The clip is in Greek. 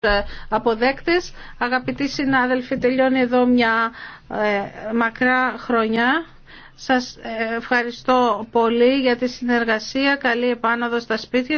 Ε, αποδέκτες. Αγαπητοί συνάδελφοι, τελειώνει εδώ μια ε, μακρά χρονιά. Σας ε, ευχαριστώ πολύ για τη συνεργασία. Καλή επάνωδο στα σπίτια.